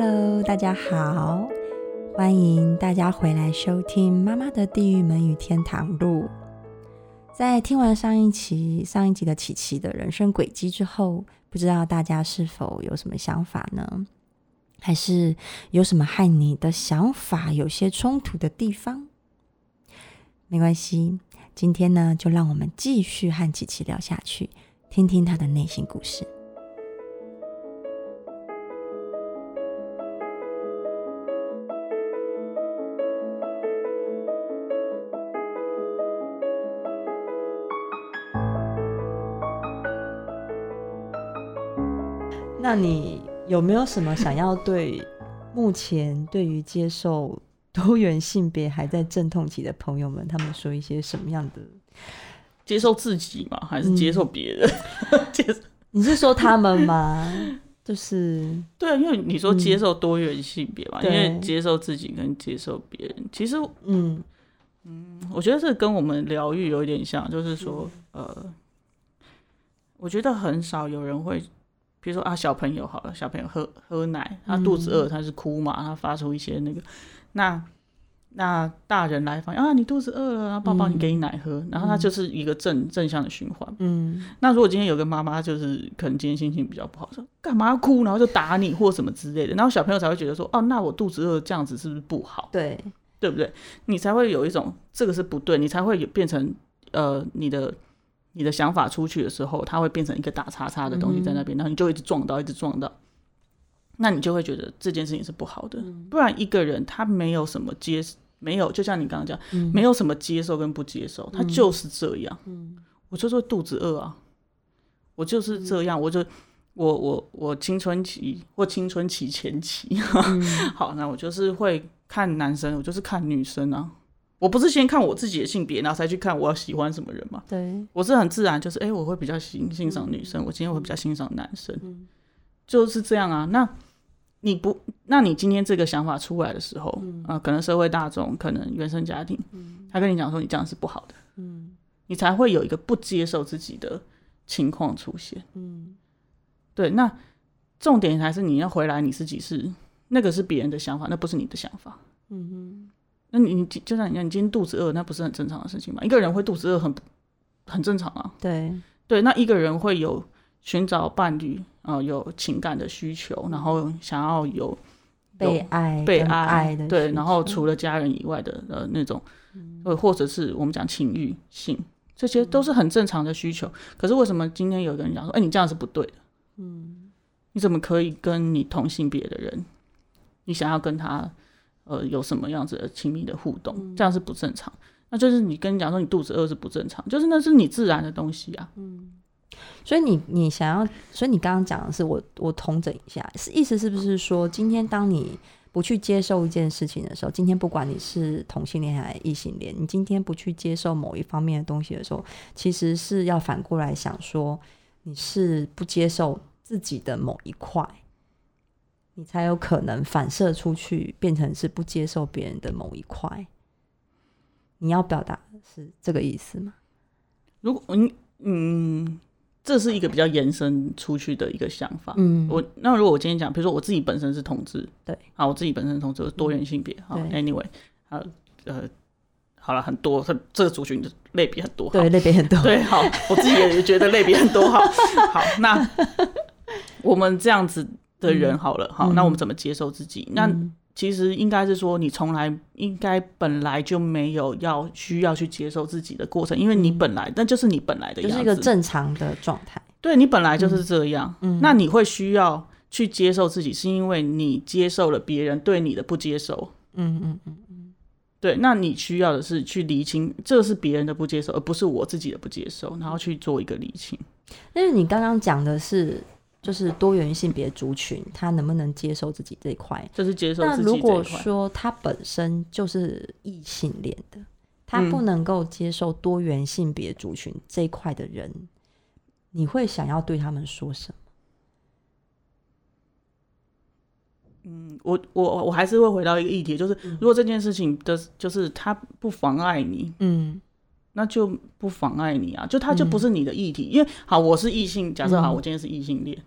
Hello，大家好，歡迎大家回來收聽《媽媽的地獄門與天堂路》。在聽完上一期、上一集的琦琦的人生軌跡之後，不知道大家是否有什麼想法呢？還是有什麼和你的想法有些衝突的地方？沒關係，今天呢，就讓我們繼續和琦琦聊下去，聽聽她的內心故事。那你有沒有什麼想要對目前對於接受多元性別還在陣痛期的朋友們，他們說一些什麼樣的？接受自己嘛，還是接受別人？接受，你是說他們嗎？ 就是對啊，因為你說接受多元性別嘛，嗯、因為接受自己跟接受別人，對其實嗯嗯，我覺得這跟我們療癒有一點像，就是說、嗯、呃，我覺得很少有人會。比如說啊，小朋友好了，小朋友喝喝奶，他肚子餓，他是哭嘛，嗯、他發出一些那個，那那大人來訪啊，你肚子餓了，抱抱你給你奶喝，嗯、然後他就是一個正正向的循環。嗯，那如果今天有個媽媽，就是可能今天心情比較不好，說，幹嘛要哭，然後就打你或什麼之類的，然後小朋友才會覺得說，哦，那我肚子餓這樣子是不是不好？對，對不對？你才會有一種這個是不對，你才會有變成呃你的。你的想法出去的時候，它會變成一個大叉叉的東西在那邊，嗯、然後你就一直撞到，一直撞到，那你就會覺得這件事情是不好的。嗯、不然一個人他沒有什麼接，沒有，就像你剛剛講，嗯、沒有什麼接受跟不接受，他就是這樣。嗯、我就說肚子餓啊，我就是這樣，嗯、我就我我我青春期或青春期前期， 嗯、好，那我就是會看男生，我就是看女生啊。我不是先看我自己的性別，然後才去看我要喜歡什麼人嘛？對，我是很自然，就是哎、欸，我會比較欣欣賞女生，嗯、我今天會比較欣賞男生，嗯、就是這樣啊。那你不，那你今天這個想法出來的時候，啊、嗯呃，可能社會大眾，可能原生家庭，嗯、他跟你講說你這樣是不好的，嗯，你才會有一個不接受自己的情況出現，嗯，對。那重點還是你要回來你，你自己是那個是別人的想法，那不是你的想法，嗯哼那你就像你你今天肚子餓，那不是很正常的事情嗎？一個人會肚子餓很，很正常啊。對對，那一個人會有尋找伴侶啊，有情感的需求，然後想要有、嗯、有被愛，愛，被愛。對，然後除了家人以外的呃那種，嗯、或者是我們講情欲性，這些都是很正常的需求。嗯、可是為什麼今天有個人講說，哎、欸，你這樣是不對的？嗯，你怎麼可以跟你同性別的人，你想要跟他？呃，有什麼樣子的親密的互動？這樣是不正常。嗯，那就是你跟你講說，你肚子餓是不正常，就是那是你自然的東西啊。嗯，所以你你想要，所以你剛剛講的是我我統整一下，是意思是不是說，今天當你不去接受一件事情的時候，今天不管你是同性戀還是異性戀，你今天不去接受某一方面的東西的時候，其實是要反過來想說，你是不接受自己的某一塊。你才有可能反射出去，變成是不接受別人的某一塊。你要表達是這個意思嗎？如果嗯嗯，這是一個比較延伸出去的一個想法。嗯，我那如果我今天講，比如說我自己本身是同志，對啊，我自己本身是同志，多元性別對、哦 anyway, 啊，anyway，呃，好了，很多，這個族群的類別很多，對，類別很多，對，好，我自己也覺得類別很多，好， 好，那我們這樣子。的人好了，嗯、好，嗯、那我們怎麼接受自己？嗯、那其實應該是說，你從來應該本來就沒有要需要去接受自己的過程，嗯、因為你本來那就是你本來的樣子，是一個正常的狀態。對，你本來就是這樣，嗯。那你會需要去接受自己，是因為你接受了別人對你的不接受，嗯嗯嗯嗯。嗯嗯對，那你需要的是去理清，這是別人的不接受，而不是我自己的不接受，然後去做一個理清。但是你剛剛講的是。就是多元性別族群，嗯、他能不能接受自己這塊？就是接受自己。但如果說他本身就是異性戀的，嗯、他不能夠接受多元性別族群這一塊的人，你會想要對他們說什麼？嗯，我我我還是會回到一個議題，就是如果這件事情的，就是他不妨礙你，嗯。那就不妨礙你啊，就他就不是你的議題，因為好，我是異性，假設好，我今天是異性戀，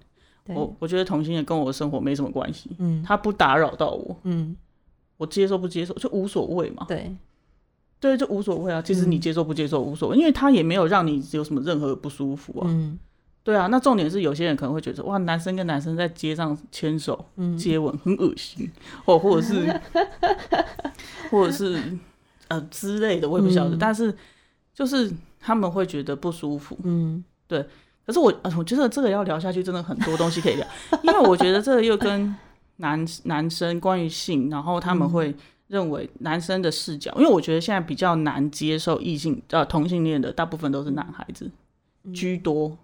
我我覺得同性戀跟我的生活沒什麼關係，嗯，他不打擾到我，嗯，我接受不接受就無所謂嘛，對，對，就無所謂啊，其實你接受不接受無所謂，因為他也沒有讓你有什麼任何不舒服啊，嗯，對啊，那重點是有些人可能會覺得哇，男生跟男生在街上牽手，接吻很噁心，哦，或者是，或者是呃之類的，我也不曉得，但是。就是他們會覺得不舒服，嗯，對。可是我我覺得這個要聊下去，真的很多東西可以聊， 因為我覺得這個又跟男 男生關於性，然後他們會認為男生的視角，嗯、因為我覺得現在比較難接受異性呃同性戀的，大部分都是男孩子、嗯、居多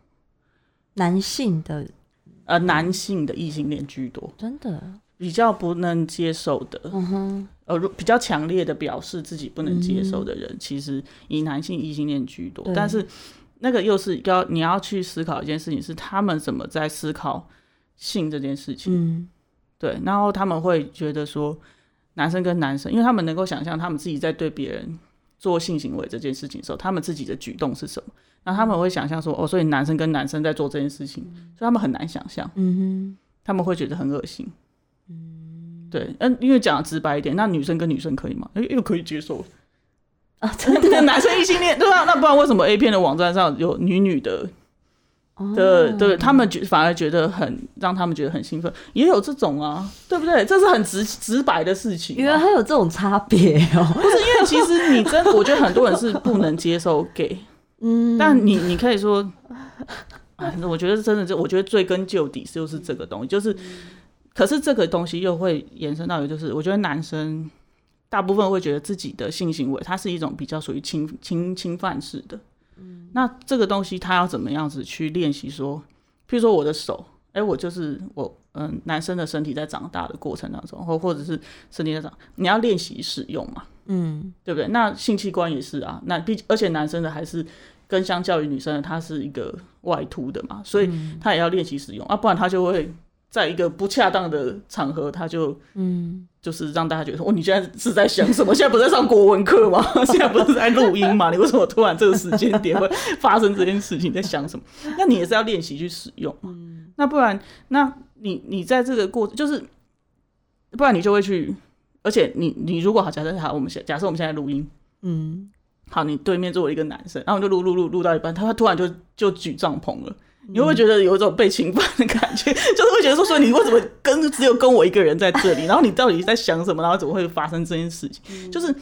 男、呃，男性的呃男性的異性戀居多、嗯，真的。比較不能接受的，呃、uh，huh. 比較強烈的表示自己不能接受的人，嗯、哼其實以男性異性戀居多。對但是那個又是要你要去思考一件事情，是他們怎麼在思考性這件事情。嗯、對。然後他們會覺得說，男生跟男生，因為他們能夠想象他們自己在對別人做性行為這件事情的時候，他們自己的舉動是什麼。然後他們會想象說，哦，所以男生跟男生在做這件事情，嗯、所以他們很難想象。嗯、哼他們會覺得很噁心。對，嗯，因為講得直白一點，那女生跟女生可以嗎？又、欸、又可以接受啊？那男生異性戀對吧、啊？那不然為什麼 A 片的網站上有女女的？哦、對，對他們覺反而覺得很讓他們覺得很興奮，也有這種啊，對不對？這是很直直白的事情。原來還有這種差別哦！不是因為其實你真， 我覺得很多人是不能接受 gay，嗯，但你你可以說，我覺得真的，就我覺得追根究底就是這個東西，就是。嗯可是這個東西又會延伸到於就是我覺得男生大部分會覺得自己的性行為它是一種比較屬於侵侵侵犯式的，嗯，那這個東西他要怎麼樣子去練習？說，譬如說我的手，哎、欸，我就是我，嗯、呃，男生的身體在長大的過程當中，或或者是身體在長，你要練習使用嘛，嗯，對不對？那性器官也是啊，那畢而且男生的還是跟相較於女生的，它是一個外凸的嘛，所以他也要練習使用、嗯、啊，不然他就會。在一個不恰當的場合，他就嗯，就是讓大家覺得說哦，你現在是在想什麼？現在不是在上國文課嗎？現在不是在錄音嗎？ 你為什麼突然這個時間點會發生這件事情？在想什麼？ 那你也是要練習去使用嘛？嗯、那不然，那你你在這個過就是，不然你就會去，而且你你如果好假設好，我們假設我們現在錄音，嗯，好，你對面作為一個男生，然後你就錄錄錄錄到一半，他他突然就就舉帳篷了。你會覺得有一種被侵犯的感覺，嗯、就是會覺得說說你為什麼跟只有跟我一個人在這裡，然後你到底在想什麼，然後怎麼會發生這件事情？嗯、就是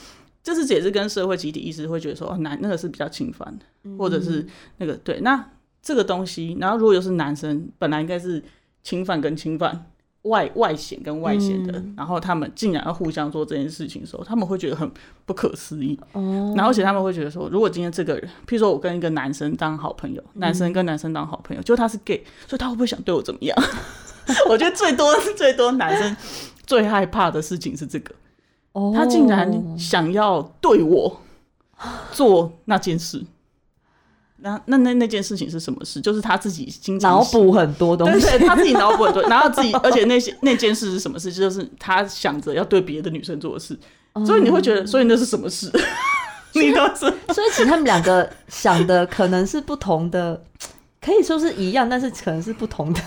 這是解釋跟社會集體意識會覺得說男、啊、那個是比較侵犯的，嗯、或者是那個對，那這個東西，然後如果又是男生，本來應該是侵犯跟侵犯。外外顯跟外顯的，嗯、然後他們竟然要互相做這件事情的時候，他們會覺得很不可思議。哦、嗯，然後而且他們會覺得說，如果今天這個人，譬如說我跟一個男生當好朋友，男生跟男生當好朋友，就、嗯、他是 gay，所以他會不會想對我怎麼樣？ 我覺得最多 最多男生最害怕的事情是這個，哦，他竟然想要對我做那件事。啊、那那那那件事情是什麼事？就是他自己經常腦補很多東西，對，對，對，他自己腦補很多， 然後自己，而且那些那件事是什麼事？就是他想着要對別的女生做的事，嗯、所以你會覺得，所以那是什麼事？嗯、 你倒是所，所以其實他們兩個想的可能是不同的， 可以說是一樣，但是可能是不同的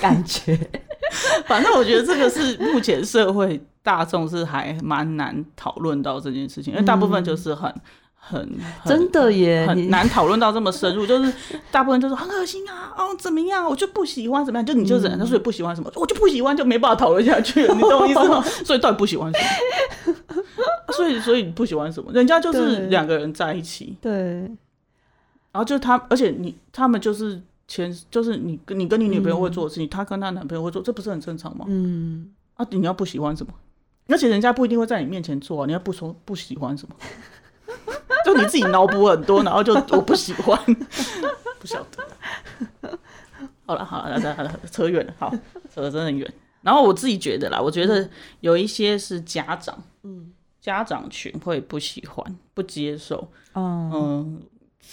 感覺。 反正我覺得這個是目前社會大眾是還蠻難討論到這件事情，因為大部分就是很，嗯很，很真的耶，很難討論到這麼深入。 就是大部分人都說很噁心啊，哦怎麼樣，我就不喜歡怎麼樣，就你就忍，所以不喜歡什麼，我就不喜歡，就沒辦法討論下去，你懂我意思嗎？ 所以到底不喜歡什麼， 所以所以你不喜歡什麼？人家就是兩個人在一起，對。然後就是他，而且你他們就是前就是你跟你跟你女朋友會做的事情，嗯、他跟他男朋友會做，這不是很正常嗎？嗯啊，你要不喜歡什麼，而且人家不一定會在你面前做啊，你要不說不喜歡什麼。 你自己腦補很多，然後就我不喜歡， 不曉得 好啦。好了好了，那那扯遠了，好扯的真的很遠。然後我自己覺得啦，我覺得有一些是家長，嗯、家長群會不喜歡、不接受。嗯，嗯，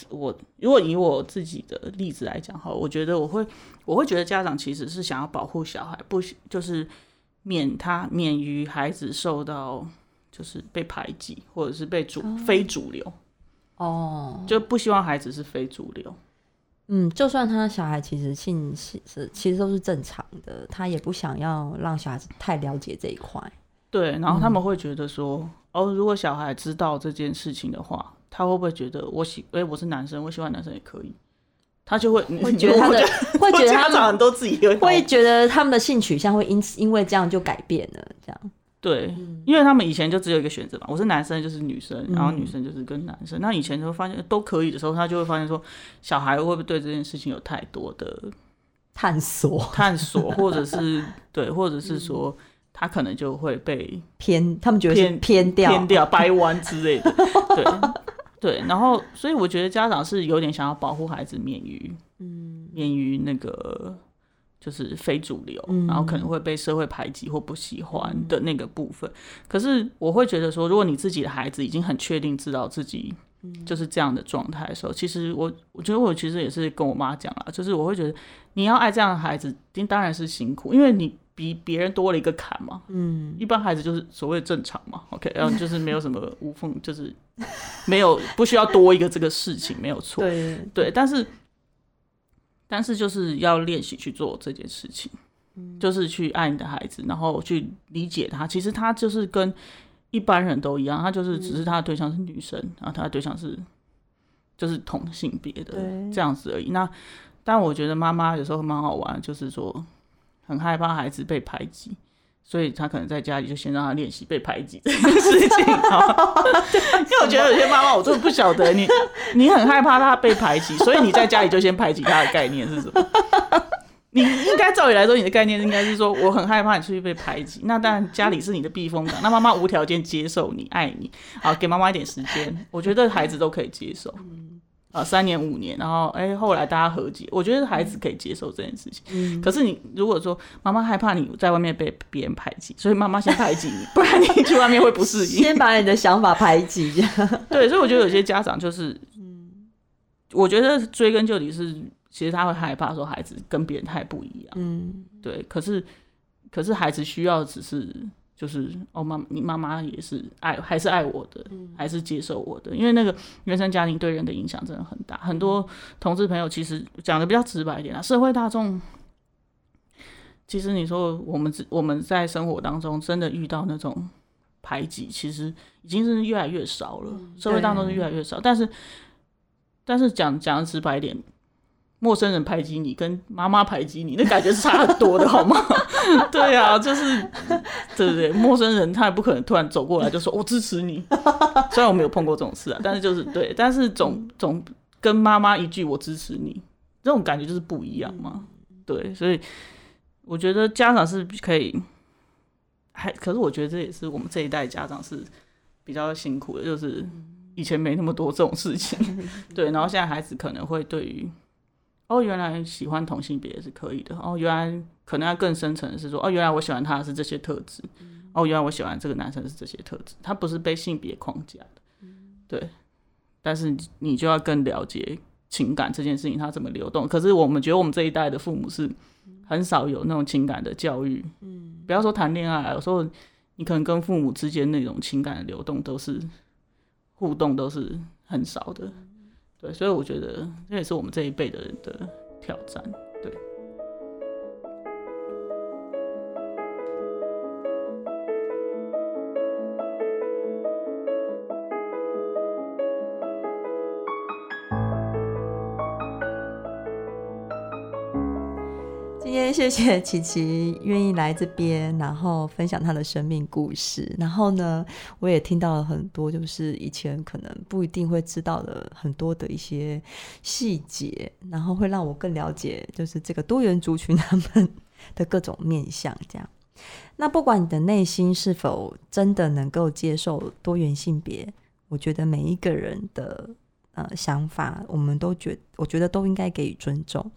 我如果以我自己的例子來講哈，我覺得我會，我會覺得家長其實是想要保護小孩，不就是免他免於孩子受到，就是被排擠或者是被主、哦、非主流。哦，oh。就不希望孩子是非主流。嗯，就算他的小孩其實性是其實都是正常的，他也不想要讓小孩子太了解這一塊。對，然後他們會覺得說，嗯、哦，如果小孩知道這件事情的話，他會不會覺得我喜哎、欸、我是男生，我喜歡男生也可以？他就會會覺得他的 覺得會覺得他 家長都自己，會覺得他們的性取向會因此因為這樣就改變了這樣。對，因為他們以前就只有一個選擇嘛。我是男生，就是女生；然後女生就是跟男生。嗯、那以前就發現都可以的時候，他就會發現說，小孩會不會對這件事情有太多的探索？探索，或者是 對，或者是說，他可能就會被偏，偏他們覺得偏偏掉、偏掉、掰彎之類的。對 對，然後所以我覺得家長是有點想要保護孩子免於，嗯，免於那個。就是非主流，嗯、然後可能會被社會排擠或不喜歡的那個部分。嗯、可是我會覺得說，如果你自己的孩子已經很確定知道自己就是這樣的狀態的時候，嗯、其實我我覺得我其實也是跟我媽講啦，就是我會覺得你要愛這樣的孩子，當然，是辛苦，因為你比別人多了一個坎嘛。嗯，一般孩子就是所謂正常嘛。嗯、OK，然後就是沒有什麼無縫， 就是沒有不需要多一個這個事情， 沒有錯。對對，但是。但是就是要練習去做這件事情，嗯、就是去愛你的孩子，然後去理解他。其實他就是跟一般人都一樣，他就是只是他的對象是女生，嗯、然後他的對象是就是同性別的這樣子而已。對那但我覺得媽媽有時候蠻好玩，就是說很害怕孩子被排擠。所以他可能在家裡就先讓他練習被排擠這件事情， 對 因為我覺得有些媽媽我真的不曉得你， 你很害怕他被排擠，所以你在家裡就先排擠他的概念是什麼？你應該照理來說，你的概念應該是說我很害怕你出去被排擠，那當然家裡是你的避風港，那媽媽無條件接受你，愛你，好，給媽媽一點時間，我覺得孩子都可以接受。呃，三年五年，然後哎，後來大家和解。我覺得孩子可以接受這件事情。嗯，可是你如果說媽媽害怕你在外面被別人排擠，所以媽媽先排擠你。 不然你去外面會不適應。先把你的想法排擠。 對，所以我覺得有些家長就是，嗯，我覺得追根究底是，其實他會害怕說孩子跟別人太不一樣。嗯，對。可是，可是孩子需要的只是。就是哦，媽，你媽媽也是愛，還是愛我的，還是接受我的。因為那個原生家庭對人的影響真的很大。很多同志朋友其實講的比較直白一點啊，社會大眾，其實你說我們我們在生活當中真的遇到那種排擠，其實已經是越來越少了。社會當中是越來越少，嗯、但是但是講講的直白一點。陌生人排擠你，跟媽媽排擠你，那感覺是差很多的， 好嗎？ 對啊，就是，對不對？陌生人他也不可能突然走過來就說“我支持你”。 雖然我沒有碰過這種事啊，但是就是對，但是總總跟媽媽一句“我支持你”，這種感覺就是不一樣嘛。對，所以我覺得家長是可以還，還可是我覺得這也是我們這一代家長是比較辛苦的，就是以前沒那麼多這種事情。對，然後現在孩子可能會對於。哦，原來喜歡同性別也是可以的。哦，原來可能要更深層的是說，哦，原來我喜歡他是這些特質。嗯、哦，原來我喜歡這個男生是這些特質，他不是被性別框架的。嗯、對，但是你就要更了解情感這件事情他怎麼流動。可是我們覺得我們這一代的父母是很少有那種情感的教育。嗯，不要說談戀愛，有時候你可能跟父母之間那種情感的流動都是互動都是很少的。嗯對，所以我覺得這也是我們這一輩的人的挑戰，對。今天、yeah, 謝謝琦琦願意來這邊，然後分享她的生命故事。然後呢，我也聽到了很多，就是以前可能不一定會知道的很多的一些細節，然後會讓我更了解，就是這個多元族群他們的各種面向。這樣，那不管你的內心是否真的能夠接受多元性別，我覺得每一個人的。呃，想法，我們都覺，我覺得都應該給予尊重，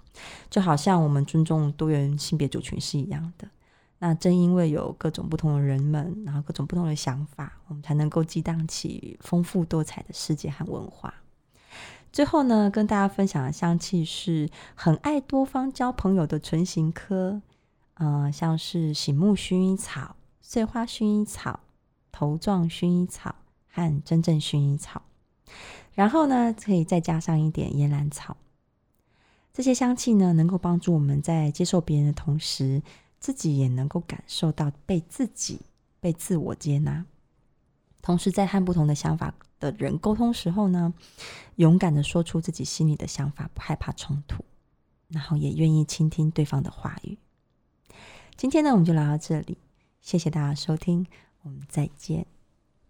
就好像我們尊重多元性別族群是一樣的。那正因為有各種不同的人們，然後各種不同的想法，我們才能夠激盪起豐富多彩的世界和文化。最後呢，跟大家分享的香氣是很愛多方交朋友的唇形科，呃，像是醒目薰衣草、穗花薰衣草、頭狀薰衣草和真正薰衣草。然後呢，可以再加上一點岩蘭草。這些香氣呢，能夠幫助我們在接受別人的同時，自己也能夠感受到被自己、被自我接納。同時，在和不同的想法的人溝通時候呢，勇敢的說出自己心裡的想法，不害怕衝突，然後也願意傾聽對方的話語。今天呢，我們就聊到這裡，謝謝大家的收聽，我們再見。